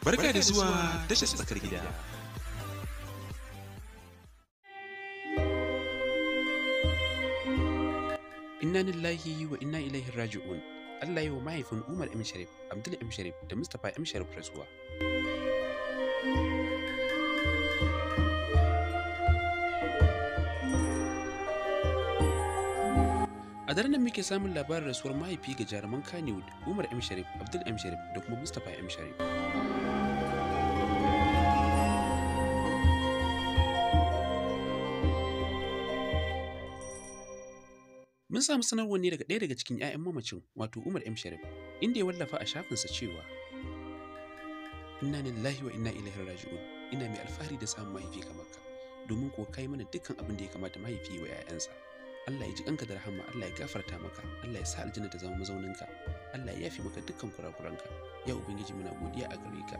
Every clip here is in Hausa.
Barka da zuwa tashar tsakar gida. Inna lillahi wa inna ilaihi raji'un. Allah yi wa mahaifin Umar M. Sharif, Abdul M. Sharif da Mustapha M. Sharif rasuwa. a daren nan muke samun labarin rasuwar mahaifi ga jaruman kanewood umar m sharif abdul m sharif da kuma mustapha m sharif mun samu sanarwar ne daga ɗaya daga cikin 'ya'yan mamacin wato umar m sharif inda ya wallafa a shafinsa cewa inna lillahi wa inna ilaihi raji'un ina mai alfahari da samun mahaifi kamar ka domin ko kai mana dukkan abin da ya kamata mahaifi wa 'ya'yansa Allah ya ji kanka da rahama Allah ya gafarta maka Allah ya sa aljanna ta zama mazauninka Allah ya yafi maka dukkan kurakuranka ya ubangiji muna godiya a gare ka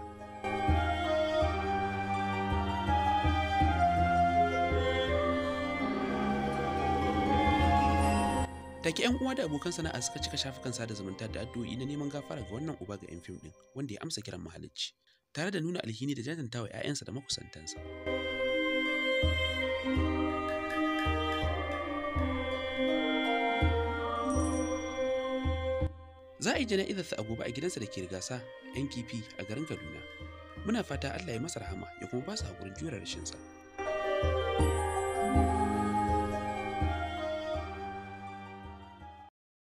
take yan uwa da abokan sana'a suka cika shafukan sada zumunta da addu'o'i na neman gafara ga wannan uba ga yan fim ɗin wanda ya amsa kiran mahalicci tare da nuna alhini da jajantawa 'ya'yansa da makusantansa. Za a yi jana'izarsa a gobe a gidansa da ke rigasa ‘yan kifi a garin Kaduna. Muna fata Allah ya masa rahama ya kuma ba su haƙurin jure rashinsa.